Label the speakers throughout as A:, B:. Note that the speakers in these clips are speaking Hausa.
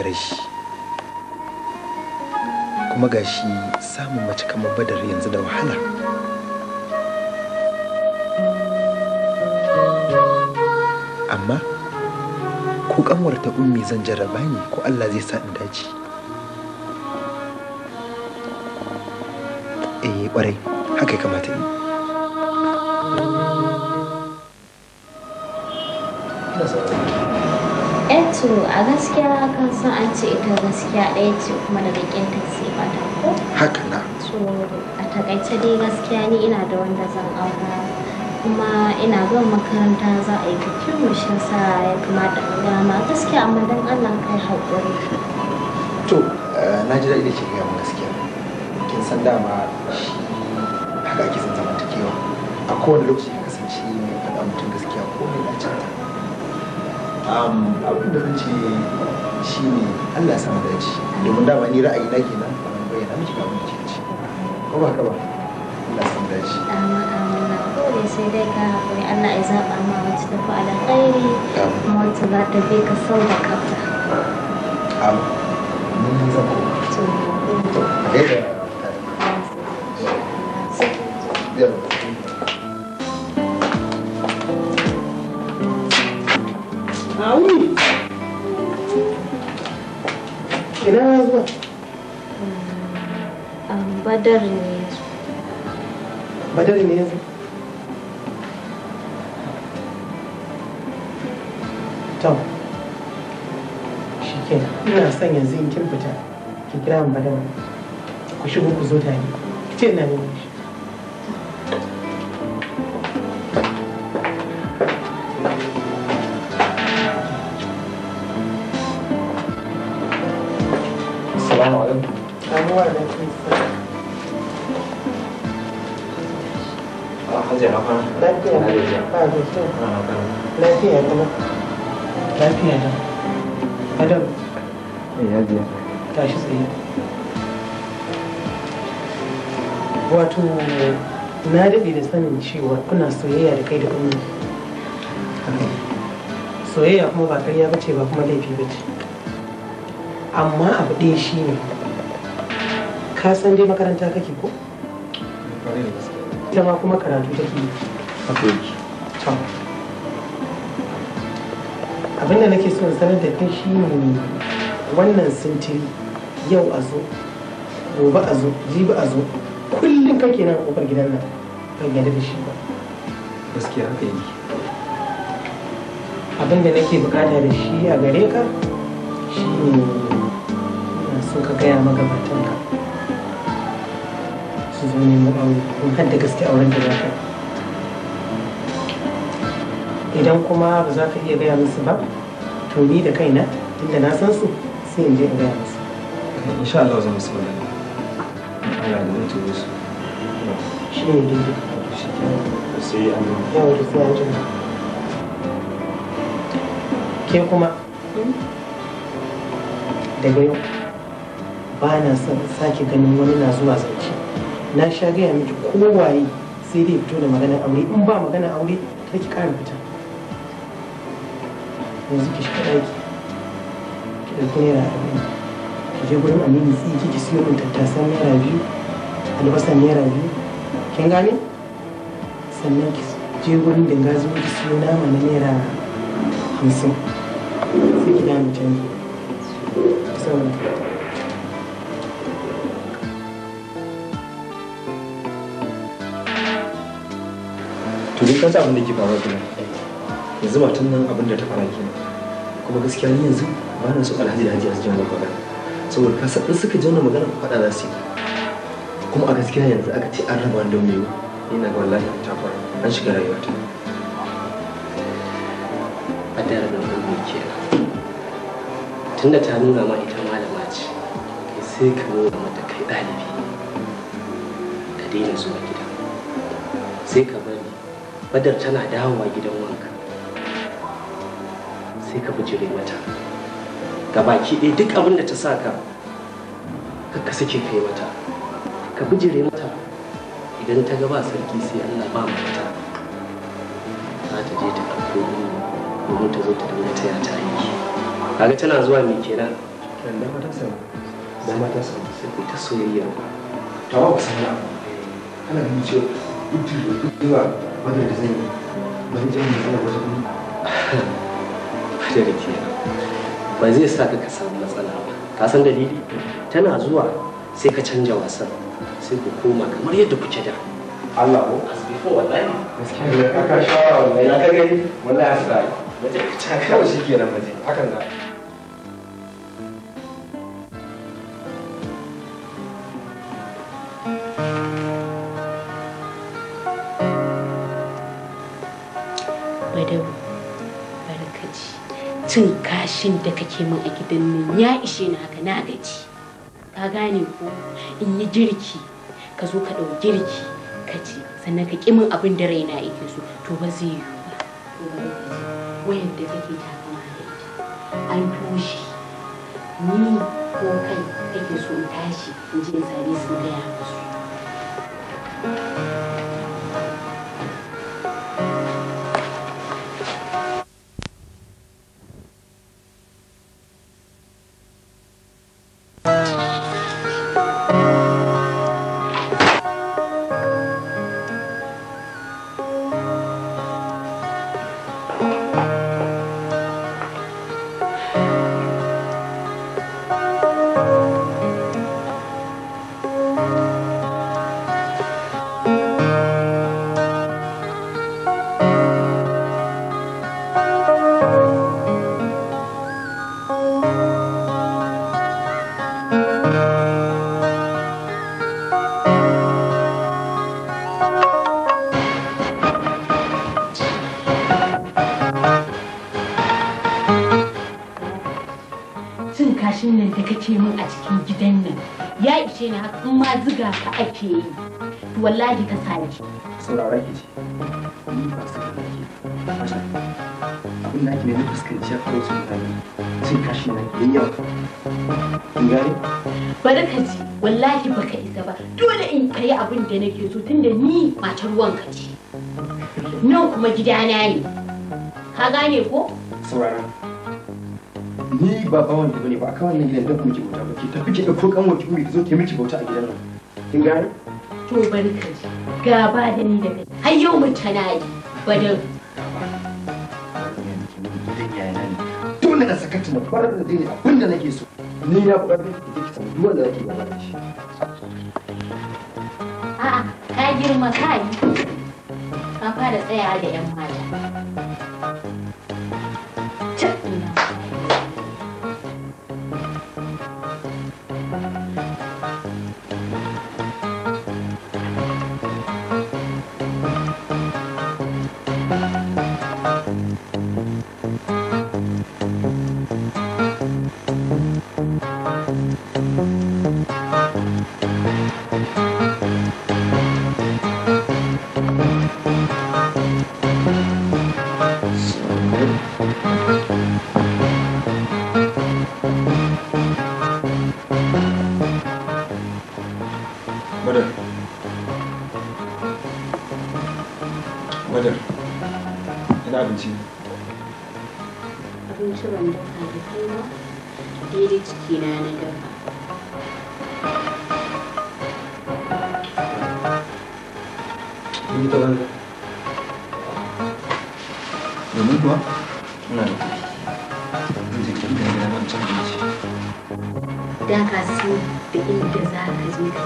A: gare shi kuma gashi samun mace kamar badar yanzu da wahala amma ko kanwar ta ummi zan jarraba ni, ko Allah zai sa in dace eh kwarai haka kamata yi you.
B: so a gaskiya kan san an ce ita gaskiya ɗaya ce kuma da bakin ta sai ta ko haka na so a takaice dai gaskiya ni ina da wanda zan aura kuma ina zuwa makaranta za a yi bikin mu shi sa ya kamata a gama gaskiya amma dan Allah kai haƙuri
A: to eh, na ji daɗi da ke gaya gaskiya kin san dama shi haka ake san kewa a kowane lokaci ya kasance mai faɗa mutum gaskiya ko mai lacin abin da zan shi ne allah sa mu dace domin dama ni ra'ayi na ke nan ban bayyana miki ga abin da kike ci ko ba ka ba allah sa mu dace
B: kawai sai dai ka haƙuri allah ya zaɓa ma wacce ta fi alƙairi kuma wacce za ta bi ka sau da kafa
C: son yanzu in kin fita ki kira mu madam ku shigo ku zo tare ki ce ina ne Assalamu alaikum. Assalamu
A: alaikum. Ah, lafiya kuma lafiya
C: kuma lafiya na adam godiya tashi tsaye wato na daɗe da sanin cewa kuna soyayya da kai da umma soyayya kuma ba karya ba ce ba kuma laifi ba ce amma abu ɗaya shi ne ka san dai makaranta kake ko? ita ma kuma karatu take yi abinda nake so sanar da kai shi ne wannan sintiri yau a zo gobe a zo jibi a zo kullum kake nan kofar gidan nan ban yadda da shi ba gaskiya haka yi abin da nake bukata da shi a gare ka shi ne so ka gaya magabatan ka su zo ne mu aure kuma hadda gaske auren da za ka idan kuma ba za ka iya gaya musu ba to ni da kaina tunda na san su sai in je in gaya musu insha Allah zan musu bayani Allah da mutu musu shi ne dai shi ke
A: sai da
C: sai ke kuma daga yau ba na son sake ganin wani na zuwa zance na sha gaya miki kowaye sai dai fito da maganar aure in ba maganar aure ta ki ƙara fita yanzu ki shiga ɗaki ɗauki naira arba'in ki je gurin aminu ki siyo min naira biyu naira biyu naira hamsin sai ki abin
A: da ke faruwa kenan yanzu matan nan abin da ta fara kenan kuma gaskiya ni yanzu ba na so alhaji da hajiya su ji wannan magana saboda ka san in suka ji wannan magana faɗa za su yi kuma a gaskiya yanzu aka ce an raba da mai
C: ina ga wallahi ta fara an shiga rayuwata a da rabin gurbi kenan tunda ta nuna ma ita malama ce kai sai ka nuna mata kai ɗalibi ka daina zuwa gida sai ka bari badar tana dawowa gidan wanka sai ka bijire mata ga baki ɗaya duk abin da ta sa ka ka sake kai mata ka bijire mata idan ta ga ba sarki sai Allah ba mata za ta je ta ɗauko domin ta zo ta dinga taya ta yi kaga tana zuwa me kenan dan mata sama
A: dan mata sama sai ta soyayya ta ba ku sanya kana ganin cewa duk da duk zuwa wanda da zan yi ban je mu kana wasu kuma
C: da ke ba zai sa ka samu matsala ba ka san dalili tana zuwa sai ka canja wasan sai ku koma kamar yadda kuke da Allah ko before wallahi gaskiya ka ka shawara wallahi ka gani wallahi asali
A: mace ka ta shi kenan mace hakan za
B: Kashin da kake min a gidan nan ya ishe ni haka na gaji ka gane ko in yi girki ka zo ka ɗau girki ka ci sannan ka ƙi min abin da raina yake so to ba zai yi ba wayan da kake takama da ita an toshe ni ko kai kake so in tashi in je in same su gaya musu ce min a cikin gidan nan ya ishe ni har ma ziga ka ake yi to wallahi ka sake
A: sauraron ki ce ni ba su da ke abin da ake ne na a farin sun mutane cin kashi na ke yau in gane
B: bari ka ji wallahi ba ka isa ba dole in ka yi abin da nake so tunda ni ruwan ka ce nan kuma gidana ne ka gane ko
A: sauraron ni ba bawan da bane ba akan wannan gidan da miki bauta ba ki tafi ki dauko kanwar ki ki zo ki miki bauta a gidan nan kin gane
B: to barka ka ji gaba da ni da kai har yau mun tana yi badin
A: dole na saka ta na farar da dai abinda nake so ni na da ki ki samu duk wanda zaki gaba da shi
B: a'a ka girma kai ka fara tsaya da yan mata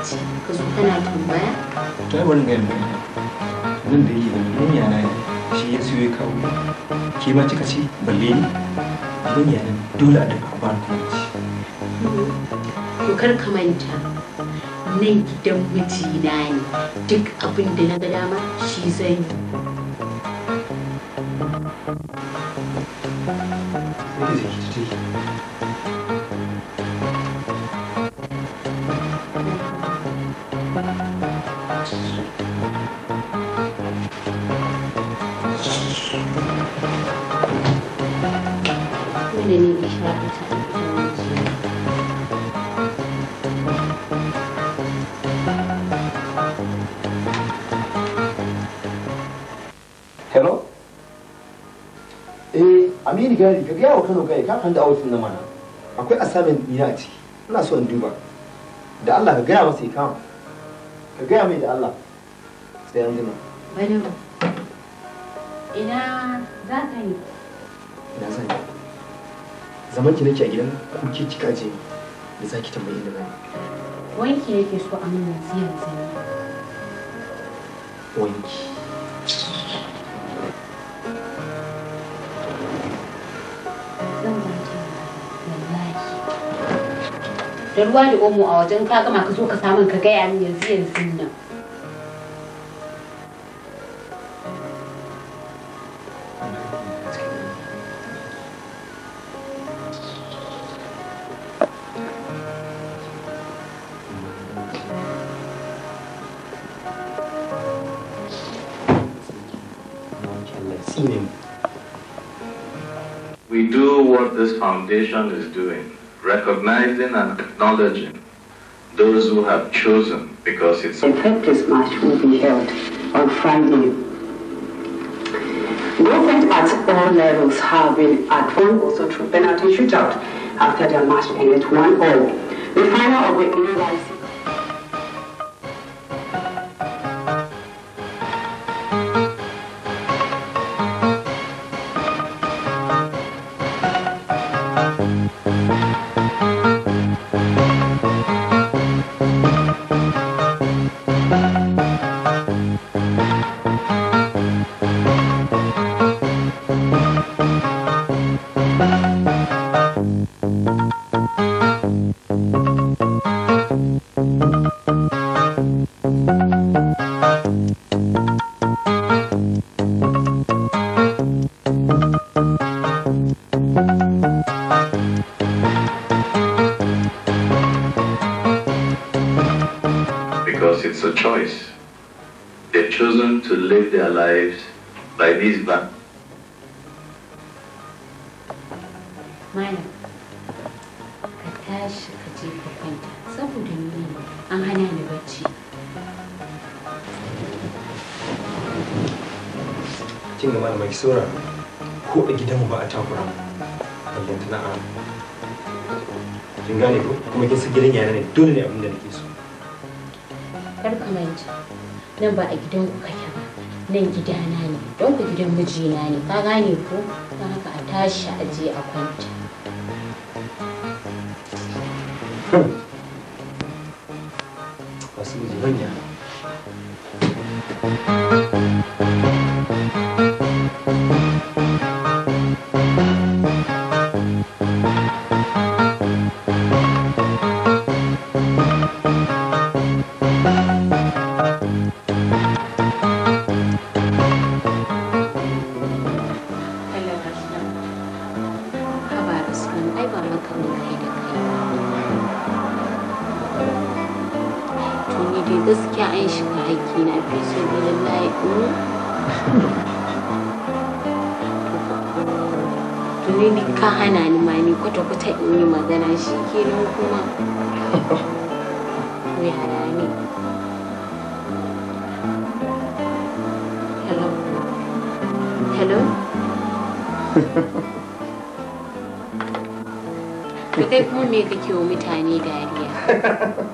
B: ce ka zo kana tambaya
A: to ai barin ga yanda nan da yake ganin mun yana ne shi ya siyo ya kawo ke yana dole a ci ka
B: manta nan gidan mijina ne duk abin da na ga dama shi zai
A: Thank you. hello eh aminu gari ka gaya wa kano gari ka kan da awacin na mana akwai assignment ɗina a ciki ina so in duba da allah ka gaya masa ya kama ka gaya mai da allah sai an jima
B: bari ina za ka yi
A: ina zan yi zaman ki nake a gidan ku ke kika je da zaki tambaye ni
B: nan wanki yake so a mun yanzu yanzu wanki da ruwa da omo a wajen ka gama ka zo ka samun ka gaya ni yanzu yanzu nan
A: we do what this foundation is doing, recognizing and acknowledging those who have
B: chosen because it's... The practice match will be held on Friday. Movement at all levels have been at one also through penalty shootout after their match ended 1-0. The final of the England a choice. They've chosen to live their lives by these values. Malam, ka tashi ka je ka kwanta saboda ni an hana ni bacci.
A: Kin ga malamai saura ko a gidanmu ba a takura ballantana a kin gane ko kuma kin san gidan yana ne dole ne abin da nake so.
B: manta nan ba a gidan ku kake ba nan gidana ne don ku gidan mijina ne ka gane ko ta haka a tashi a je a kwanta hmm. wasu shi kenan kuma yaya ne hello hello kai kuma me kake wa mutane dariya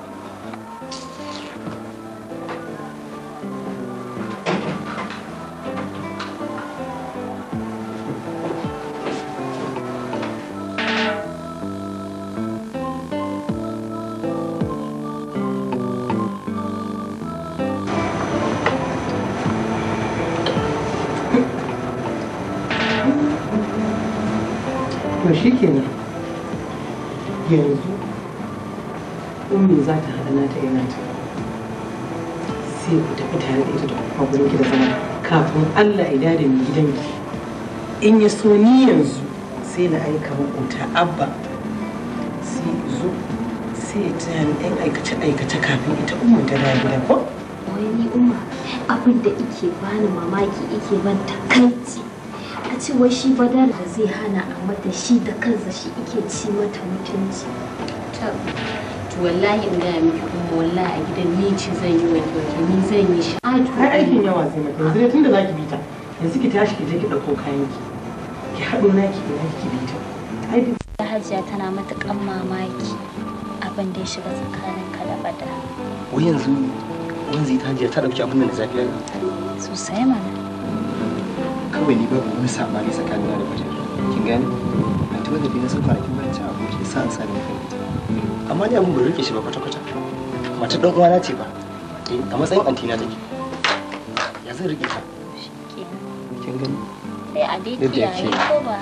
C: Allah ya dada mu gidanki in ya so ni yanzu sai na aika ta abba sai zo sai ya taya ɗan aikace aikace kafin ita umma ta dawo gida ko
B: wai ni umma abin da ike bani mamaki ike ban takaici a ce wai shi badar da zai hana a mata shi da kansa shi ike ci mata mutunci to wallahi in gaya miki abu wallahi a gidan ni ce zan yi wanke wanke ni zan yi shi ai aikin yawa sai mata yanzu dai tunda zaki bi ta yanzu ki tashi ki je ki ɗauko kayan ki ki haɗo naki
C: ki ki bi
B: ta hajiya tana matukan mamaki abin da ya shiga tsakanin ka da bada
A: wai yanzu yanzu ta hajiya ta dauki abin da na zafiya ne
B: sosai mana
A: kawai ni babu wani sabani tsakanin da bada kin gane a ta wanda bi na san kwanakin bayan ci aboki sa an sami kai amma ni abin ba rike shi ba kwata-kwata mace ɗan uwana ce ba eh, a matsayin na take
C: ya zai rike ta kin
B: gani sai a ko ba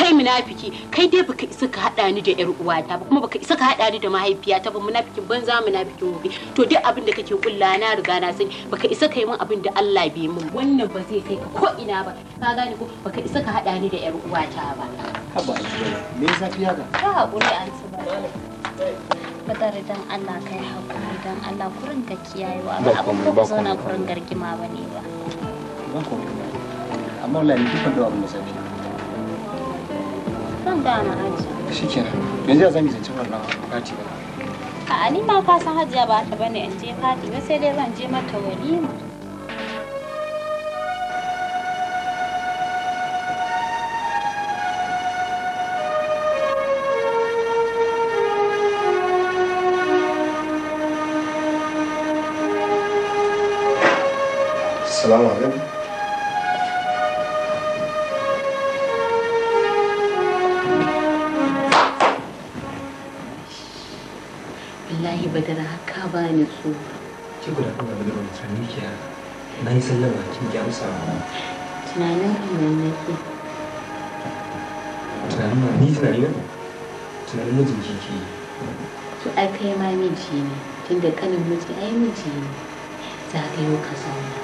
B: kai munafiki kai dai baka isa ka hada ni da yar ta ba kuma baka isa ka hada ni da ta ba munafikin banza munafikin gobe to duk abin da kake kulla na riga na sani baka isa kai min abin da Allah bai min wannan ba zai kai ka ko ina ba ka gane ko baka isa ka hada ni da yar ta ba haba me yasa fiya ga ka hakuri an tsaba badar dan Allah kai hakuri dan Allah kurin ka kiyayewa ba abin ko ku zauna kurin gargima ba ne ba
A: amma ni dukkan
B: zan ga ma aji
A: shikenan yanzu zance wannan ba
B: a ni ma ka san hajiya ba ta bane in je fadi ba sai dai zan je mata walima assalamu alaikum wallahi badara ka ba ni so ki guda kan da badara mutum ni ke
A: na yi sallama kin ki amsa
B: tunanin kan nan nake
A: tunanin ma ni tunanin nan tunanin mijin ki ke
B: to ai kai ma miji ne da kanin miji ai miji ne za ka yi ka zauna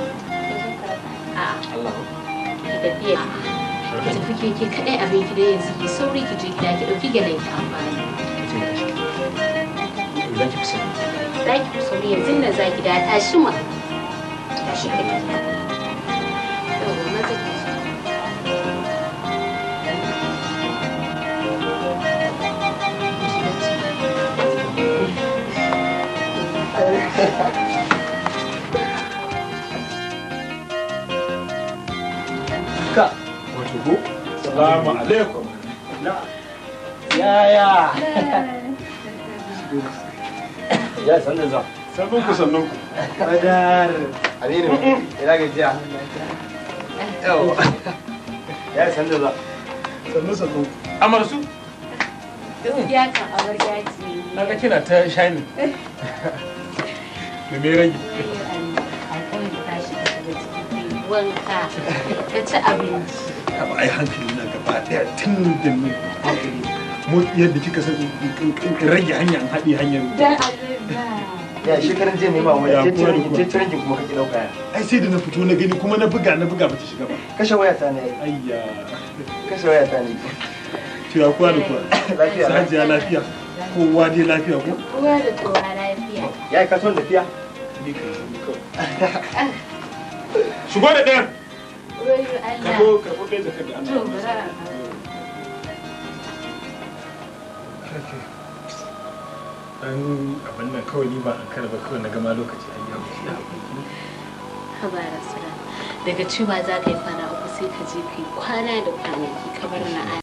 B: Allah ki tafiya ki tafi ke ke kadai abin ki da sauri ki je gida ki dauki galan ki amfani eh, za ki fi sauri yanzu nan
D: assalamu alaikum yaya ya san da zan sannun ku sannun ku badar
A: aminu ina ga jiya yau ya
D: san da zan sannun amar su na ga kina ta me me rage
B: wanka ta ci abinci
D: ai hankali gaba daya tun da mu yadda kika san rage hanyar haɗe hanyar ya shekaran jiya mai mawa kuma kake ai sai da na fito na gani kuma na buga na buga bata shiga ba kashe waya ta ne ayya kashe waya ta ne ya kuwa da kuwa lafiya sajiya lafiya kowa dai lafiya ko
B: kowa da kowa lafiya
D: ya ka son tafiya shigo da ɗan abin nan kawai ni ba an ba kawai na gama lokaci an yi haushi.
B: Haba Rasula, daga cewa za ka yi kwana uku sai ka je ka yi kwana da kwanaki kamar na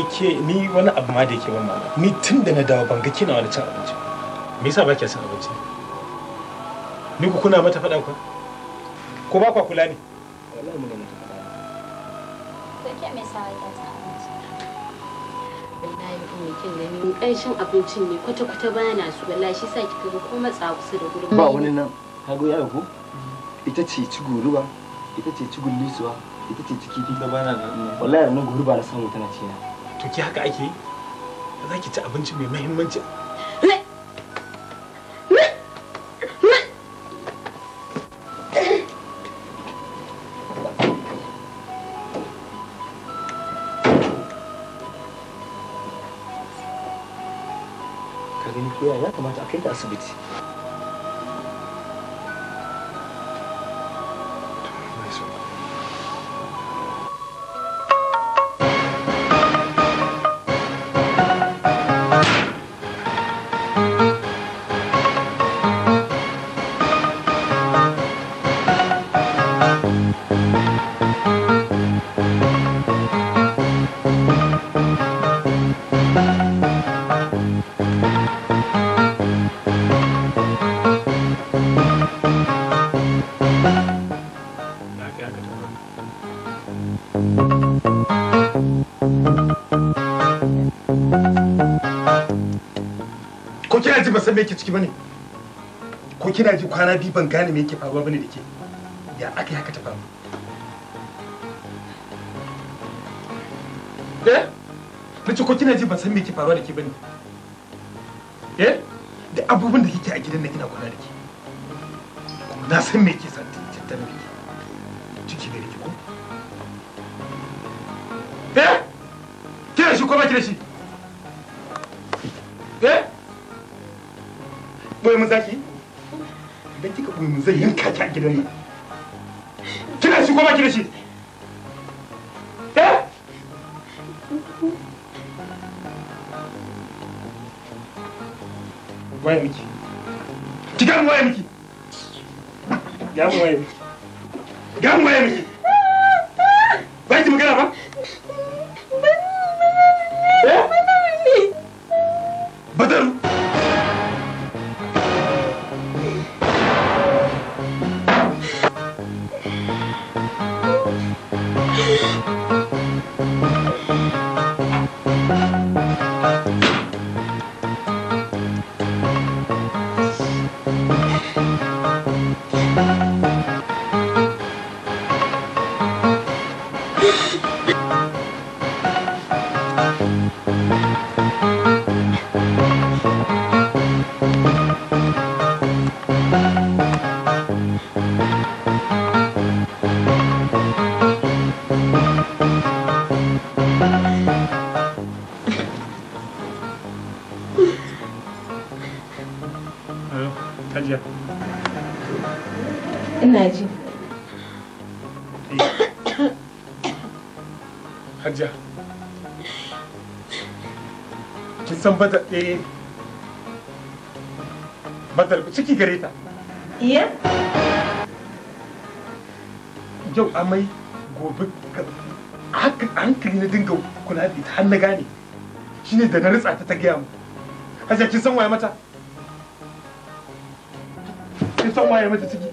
D: wai ni wani abu ma da yake ban mamaki ni tun da na dawo ban ga kina wani cin abinci me yasa ba kya cin abinci ni ku kuna mata faɗa ku ko ba kwa kula ne wallahi mun ga mata faɗa
A: to ke me yasa ba kya
B: wallahi abincin ne kwata kwata bana su wallahi shi sa kika ga ko matsa kusa da gurin ba wani
A: nan ka ga ko ita ce ci goruba ita ce ci gullisuwa
D: ita ce ciki ta bana wallahi nan goruba na samu tana na. to ki haka ake yi za ki ci abinci mai muhimmanci
A: ka gani koya ya kamata a kai ta asibiti
D: ko kina ji ba san me yake ciki bane ko kina ji kwana biyu ban gane me yake faruwa bane da ke ya aka haka ta faru eh nace ko kina ji ba san me yake faruwa da ke bane eh da abubuwan da kike a gidan nan ina kula da ke kuma na san me yake san tattare da ke ciki da ke ko eh kina shi ko ba kina shi koyi mun zaki idan kika koyi mun zai yanka ki a gidan nan kina shi ko ba ki da shi eh wai miki ciki gare ta iya yau amai gobe haka hankali na dinga kula da ita har na gane shine da na ritsa ta ta gaya mu hajiya kin san waye mata kin san waye mata ciki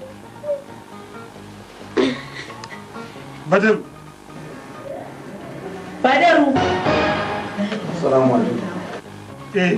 D: badaru
B: badaru
A: assalamu alaikum eh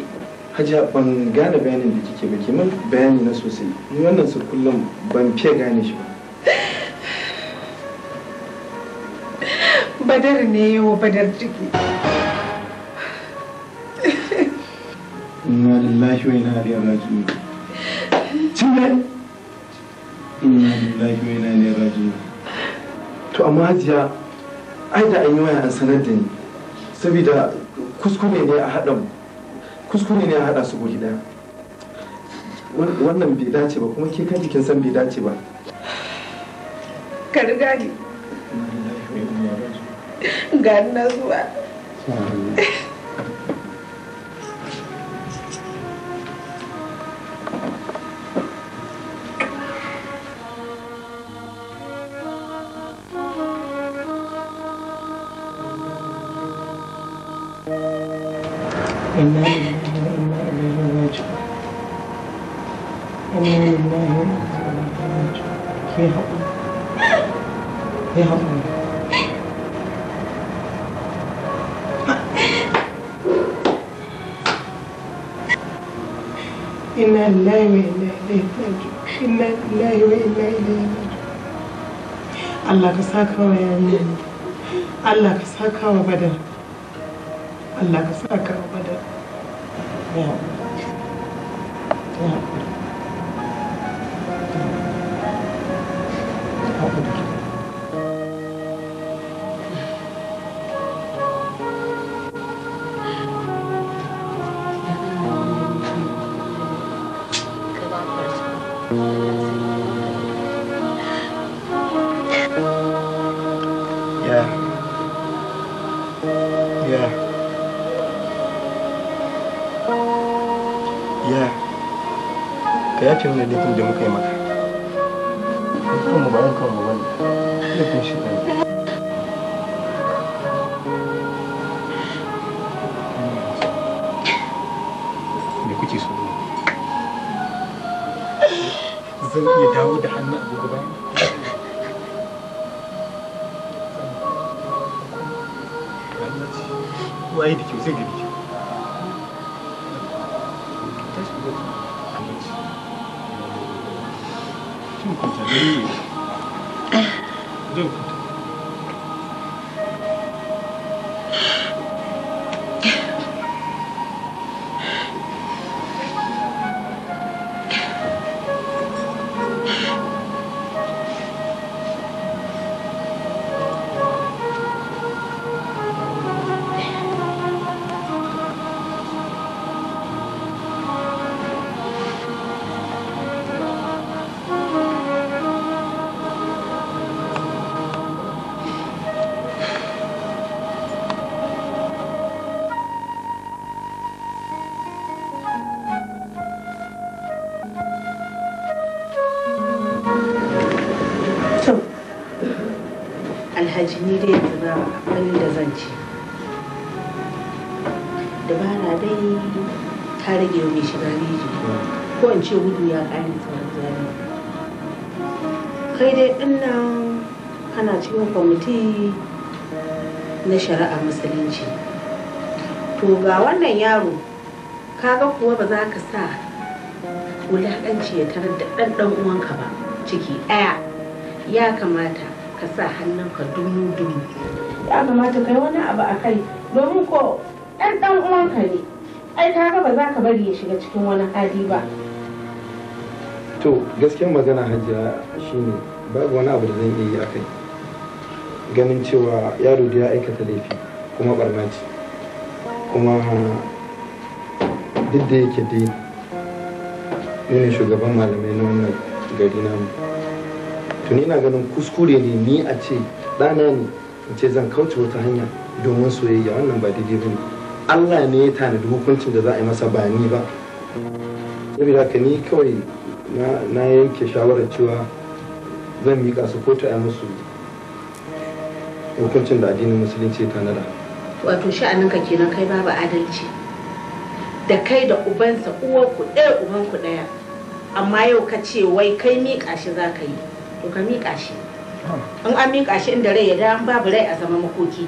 A: hajiya ban gane bayanin da kike ba ke min bayani na sosai ni wannan su kullum ban fiye gane shi ba
B: badar ne yawa badar jiki
A: inna lillahi wa inna ilaihi raji'un cinye inna lillahi wa inna ilaihi raji'un to amma hajiya ai da an yi waya an sanar da ni saboda kuskure ne a haɗa mu kuskure ne a haɗa su guri ɗaya wannan bai dace ba kuma ke kanki kin san bai dace ba
B: ka riga ni ga na zuwa
C: inna lillahi wa inna ilaihi raji'un inna lillahi wa inna ilaihi raji'un Allah ka saka wa yamin Allah ka saka wa badar Allah ka saka wa badar ya ya
A: tafiyar da laifin da muka yi maka
D: Do.
B: kai dai dinnan ana cikin kwamiti na shari'a musulunci to ga wannan yaro kaga kuwa ba za ka sa wulaƙanci ya tarar da ɗan ɗan uwanka ba ciki ɗaya ya kamata ka sa hannunka dunu dunu ya kamata kai wani abu a kai domin ko ɗan ɗan uwanka ne ai kaga ba za ka bari ya shiga cikin wani hali ba
A: to gaskiyar magana hajiya shine babu wani abu da zan iya yi a kai ganin cewa yaro da ya aikata laifi kuma barnaci kuma duk da yake dai ne shugaban malamai na wannan gari mu. tuni na ganin kuskure ne ni a ce ɗana ne in ce zan kauce wata hanya domin soyayya wannan ba daidai ba ne allah ne ya tanadi hukuncin da za a yi masa ba ni ba saboda ka ni kawai na yanke shawarar cewa zan miƙa su ko ta musu hukuncin da addinin musulunci ta nada
B: wato sha'aninka kenan kai babu adalci da kai da ubansa uwarku ɗaya ubanku ɗaya amma yau ka ce wai kai miƙa shi za ka yi to ka miƙa shi in an miƙa shi inda rai ya da babu rai a zama makoki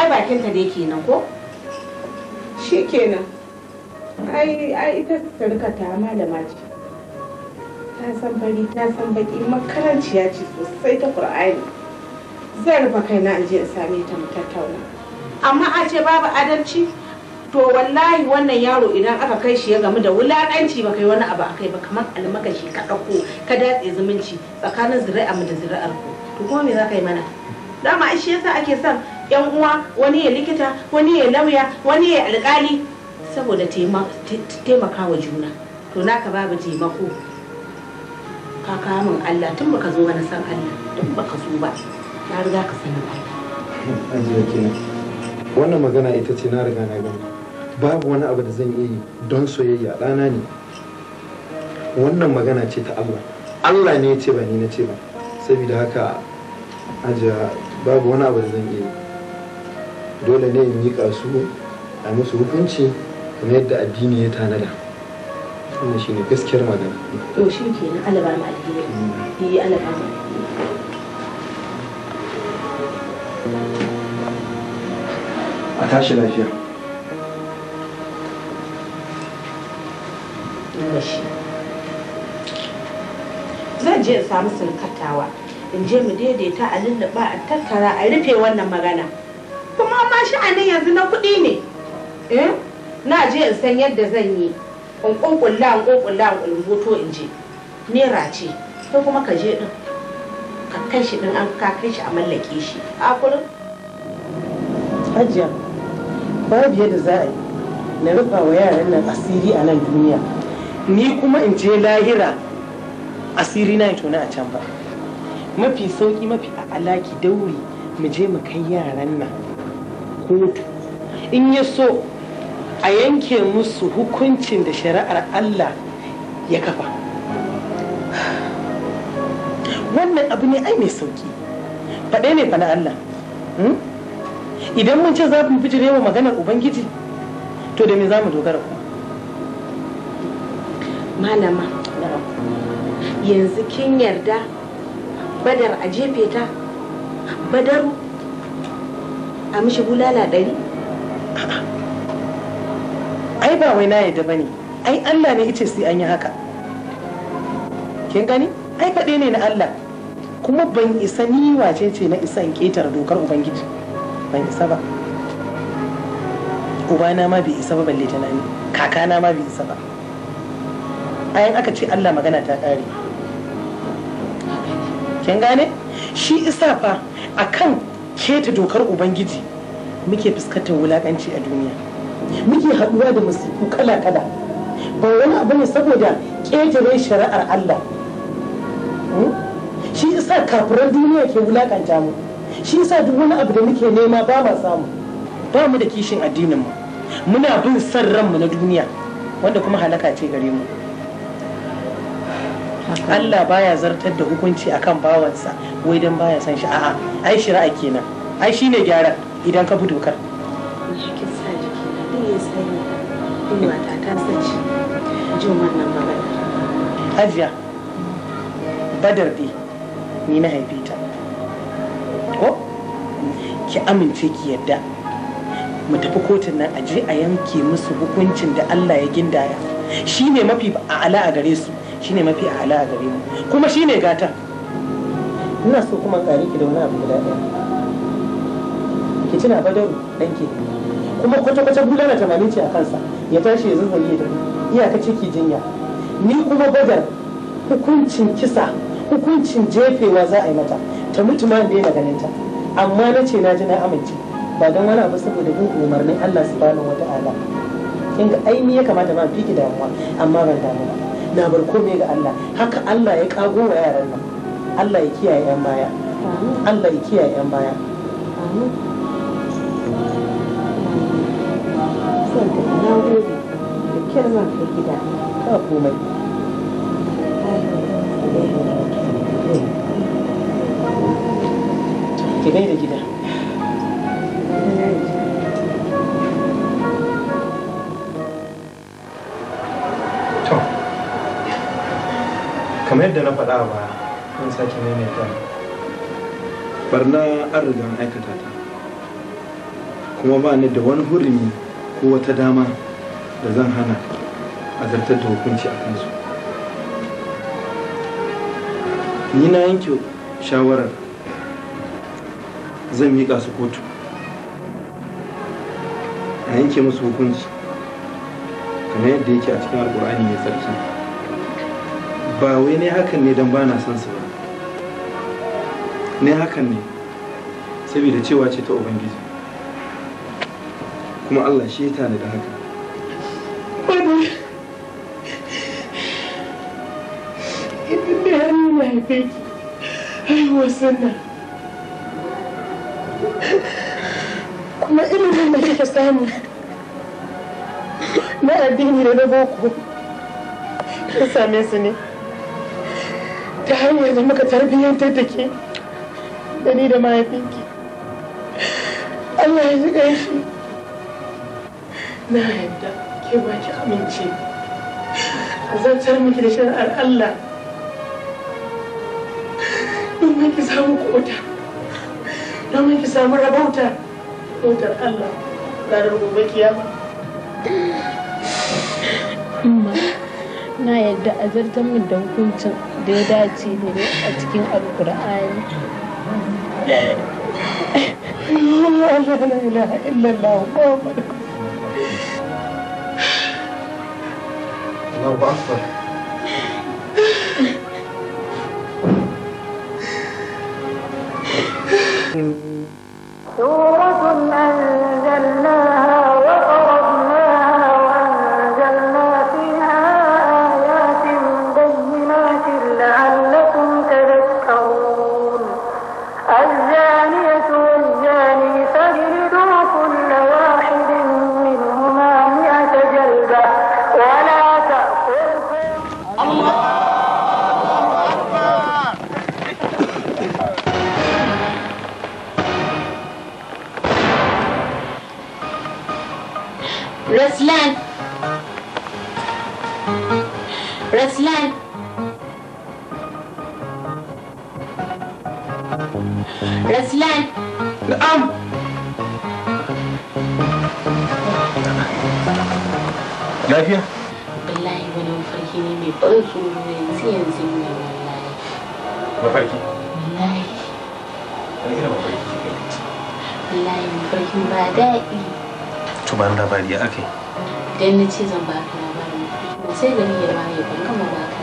B: ai bakinta dai kenan ko shi kenan ai ita ta rika ta malama ce na san bari na san baki makaranciya ce sosai ta qur'ani zan rufe kaina in je in same ta mu tattauna amma a ce babu adalci to wallahi wannan yaro idan aka kai shi ya gamu da wulaƙanci ba kai wani abu akai ba kamar almakashi ka ɗauko ka datse zumunci tsakanin zuri'a mu da zuri'ar ku to kuma me za ka yi mana dama shi yasa ake son yan uwa wani ya likita wani ya lauya wani ya alƙali saboda taimaka wa juna to naka babu taimako ka kawo min Allah tun baka zo wani san Allah tun baka zo ba na riga ka sanin
A: Allah wannan magana ita ce na riga na gama babu wani abu da zan yi don soyayya ɗana ne wannan magana ce ta Allah Allah ne ya ce ba ni na ce ba saboda haka ajiya babu wani abu da zan yi dole ne in yi kasu a musu hukunci kuma yadda addini ya tanada. wannan shi ne gaskiyar magana
B: to shi ke nan alaba ma alheri yi hmm. eh, alaba
A: a tashi lafiya
B: zan je in samu sulkatawa in je mu daidaita a lullaba a tattara a rufe wannan magana kuma ma sha'anin yanzu na kuɗi ne eh? na je in san yadda zan yi in kunkulla in kunkulla in rubuto in je nera ce ko kuma ka je din ka kai shi din an ka kai shi a mallake shi a kullum hajiya
C: babu yadda za a yi na rufa wa yaran nan asiri a nan duniya ni kuma in je lahira asiri na tona a can ba mafi sauki mafi a alaki dauri mu je mu kai yaran nan kotu in ya so a yanke musu hukuncin da shari'ar Allah ya kafa wannan abu ne ai mai sauki faɗe ne na Allah hmm? idan mun ce za mu wa maganar ubangiji to da me za mu dogara ku.
B: malama yanzu kin yarda badar a jefe ta badaru a mishi bulala ɗari
C: ba wai na yadda bane ai Allah ne yace sai an yi haka kin gani ai kaɗai ne na Allah kuma ban isa ni wace ce na isa in ketar dokar ubangiji ban isa ba ubana ma bai isa ba balle ta nani kakana ma bai isa ba ayan aka ce Allah magana ta ƙare kin gane shi isa fa akan keta dokar ubangiji muke fuskantar wulakanci a duniya muke haɗuwa da musiku kala-kala ba wani abu ne saboda ƙetare shari'ar Allah hmm? shi isa kafiran duniya ke wulaƙanta mu shi isa duk wani abu da muke nema ba ma samu ba mu da kishin addinin mu muna bin san ranmu na duniya wanda kuma halaka ce gare mu Allah baya zartar da hukunci akan bawansa wai dan baya san shi a'a ai shari'a kenan ai shine gyara idan ka bi dokar
B: iya sani inuwata ta sace jin wannan magana.
C: Hajiya, badar dai ni na haife ta. Ko? Ki amince ki yadda mu tafi kotun nan a je a yanke musu hukuncin da Allah ya gindaya shi ne mafi a'ala a gare su shi ne mafi a'ala a gare mu kuma shi ne gata ina so kuma kare ki da wani abu guda ɗaya ki tuna badaru ɗanki ne kuma kwata-kwata na tamanin ce a kansa ya tashi ya zazzage da iyaka ciki jinya ni kuma badar hukuncin kisa hukuncin jefewa za a yi mata ta mutu ma da yana ganin ta amma na ce na ji na amince ba don wani abu saboda bin umarnin Allah subhanahu wa ta'ala kin ga aini ya kamata ma fiki damuwa amma ban damu ba na bar komai ga Allah haka Allah ya kago wa yaran nan Allah ya kiyaye yan baya Allah ya kiyaye yan baya
B: na gode da kirma ka gida ba komai
C: ki gaida gida
A: kamar yadda na faɗa ba sake barna an riga aikata ta kuma ba ni da wani hurumi ko wata dama da zan hana a zartar da hukunci a kansu ni na yanke shawarar zan miƙa su kotu a yanke musu hukunci kamar yadda yake a cikin alkur'ani mai tsarki ba wai ne hakan ne don ba na son su ba ne hakan ne saboda cewa ce ta ubangiji kuma Allah shi ya tanada haka
B: Baba
C: idan da hannu na haife kuma ilimin da kika samu na addini da na boko ka same su ne ta hanyar da muka tarbiyyantar da ke da ni da mahaifinki Allah ya ji ƙarfi na yadda ke ba ki amince zartar miki da shari'ar Allah domin ki samu kota domin ki samu rabauta kotar Allah ranar
B: gobe kiyama amma na yadda a zartar min da hukuncin da ya dace ne a cikin alkur'ani Allah la ilaha illallah Muhammadu
A: الله أكبر
C: سورة أنزلناها
D: lafiya
B: wallahi wani mafarki ne mai ban tsoro yanzu yanzu ne wallahi
D: mafarki wallahi
C: wani irin mafarki kika
B: yi wallahi ba daɗi
C: to ba labari ya akai
B: idan na ce zan baka labarin ba sai gari ya ba ya ban gama baka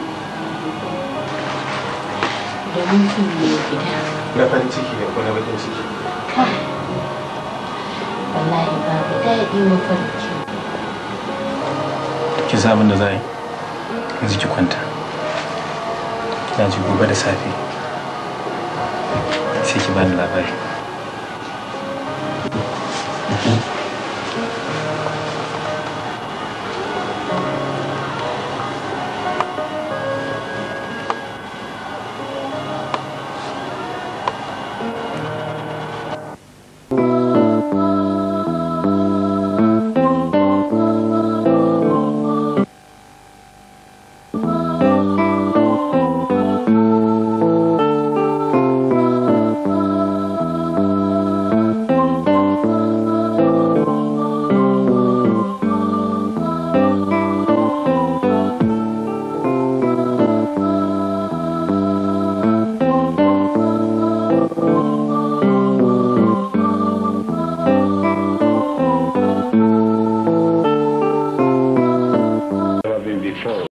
B: domin kin ne
C: gida na
D: farin ciki ne ko na bakin ciki
B: wallahi ba daɗi mafarki
D: ki sa abin da za yi yanzu ki kwanta kina ji gobe da safe sai ki bani labari